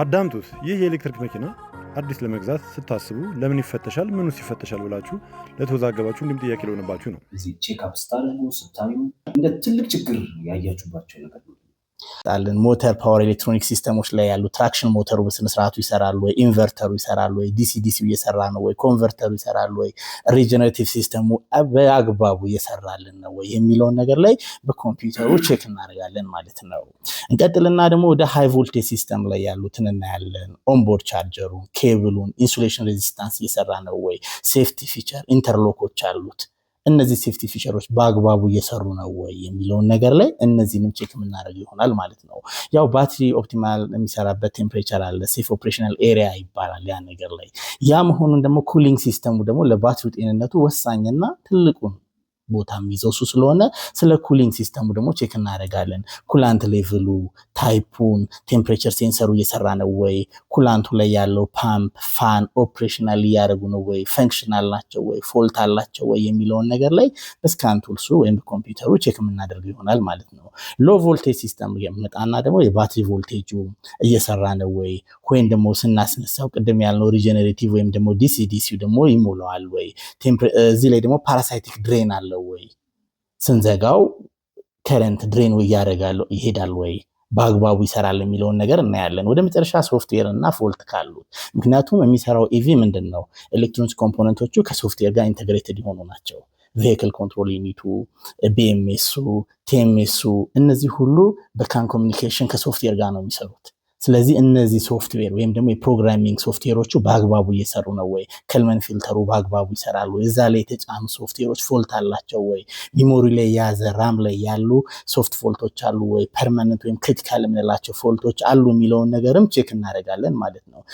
አዳምጡት። ይህ የኤሌክትሪክ መኪና አዲስ ለመግዛት ስታስቡ ለምን ይፈተሻል? ምኑስ ይፈተሻል? ብላችሁ ለተወዛገባችሁ እንዲም ጥያቄ ለሆነባችሁ ነው። እዚህ ቼክ አፕ ስታደርጉ ስታዩ እንደ ትልቅ ችግር ያያችሁባቸው ነገር ነው። ጣልን ሞተር ፓወር ኤሌክትሮኒክ ሲስተሞች ላይ ያሉ ትራክሽን ሞተሩ በስነስርዓቱ ይሰራሉ ወይ፣ ኢንቨርተሩ ይሰራሉ ወይ፣ ዲሲ ዲሲ እየሰራ ነው ወይ፣ ኮንቨርተሩ ይሰራሉ ወይ፣ ሪጀነሬቲቭ ሲስተሙ በአግባቡ እየሰራልን ነው ወይ የሚለውን ነገር ላይ በኮምፒውተሩ ቼክ እናደርጋለን ማለት ነው። እንቀጥልና ደግሞ ወደ ሃይ ቮልቴጅ ሲስተም ላይ ያሉትን እናያለን። ኦንቦርድ ቻርጀሩን፣ ኬብሉን፣ ኢንሱሌሽን ሬዚስታንስ እየሰራ ነው ወይ፣ ሴፍቲ ፊቸር ኢንተርሎኮች አሉት እነዚህ ሴፍቲ ፊቸሮች በአግባቡ እየሰሩ ነው ወይ የሚለውን ነገር ላይ እነዚህንም ቼክ የምናደርግ ይሆናል ማለት ነው። ያው ባትሪ ኦፕቲማል የሚሰራበት ቴምፕሬቸር አለ፣ ሴፍ ኦፕሬሽናል ኤሪያ ይባላል ያ ነገር ላይ ያ መሆኑን ደግሞ ኩሊንግ ሲስተሙ ደግሞ ለባትሪው ጤንነቱ ወሳኝና ትልቁ ነው። ቦታ የሚይዘው እሱ ስለሆነ ስለ ኩሊንግ ሲስተሙ ደግሞ ቼክ እናደርጋለን። ኩላንት ሌቭሉ፣ ታይፑን፣ ቴምፕሬቸር ሴንሰሩ እየሰራ ነው ወይ፣ ኩላንቱ ላይ ያለው ፓምፕ ፋን ኦፕሬሽናል እያደረጉ ነው ወይ፣ ፈንክሽናል ናቸው ወይ፣ ፎልት አላቸው ወይ የሚለውን ነገር ላይ በስካን ቱልሱ ወይም በኮምፒውተሩ ቼክ የምናደርገው ይሆናል ማለት ነው። ሎ ቮልቴጅ ሲስተም የምጣና ደግሞ የባትሪ ቮልቴጁ እየሰራ ነው ወይ ኮይን ደግሞ ስናስነሳው ቅድም ያልነው ሪጀነሬቲቭ ወይም ደግሞ ዲሲዲሲ ደግሞ ይሞላዋል ወይ? እዚህ ላይ ደግሞ ፓራሳይቲክ ድሬን አለው ወይ? ስንዘጋው ከረንት ድሬን እያደረጋል ይሄዳል ወይ? በአግባቡ ይሰራል የሚለውን ነገር እናያለን። ወደ መጨረሻ ሶፍትዌር እና ፎልት ካሉት፣ ምክንያቱም የሚሰራው ኢቪ ምንድን ነው? ኤሌክትሮኒክስ ኮምፖነንቶቹ ከሶፍትዌር ጋር ኢንተግሬትድ የሆኑ ናቸው። ቬሂክል ኮንትሮል ዩኒቱ፣ ቢኤምኤሱ፣ ቲኤምኤሱ እነዚህ ሁሉ በካን ኮሚኒኬሽን ከሶፍትዌር ጋር ነው የሚሰሩት። ስለዚህ እነዚህ ሶፍትዌር ወይም ደግሞ የፕሮግራሚንግ ሶፍትዌሮቹ በአግባቡ እየሰሩ ነው ወይ? ከልመን ፊልተሩ በአግባቡ ይሰራሉ? እዛ ላይ የተጫኑ ሶፍትዌሮች ፎልት አላቸው ወይ? ሚሞሪ ላይ የያዘ ራም ላይ ያሉ ሶፍት ፎልቶች አሉ ወይ? ፐርማነንት ወይም ክሪቲካል የምንላቸው ፎልቶች አሉ የሚለውን ነገርም ቼክ እናደርጋለን ማለት ነው።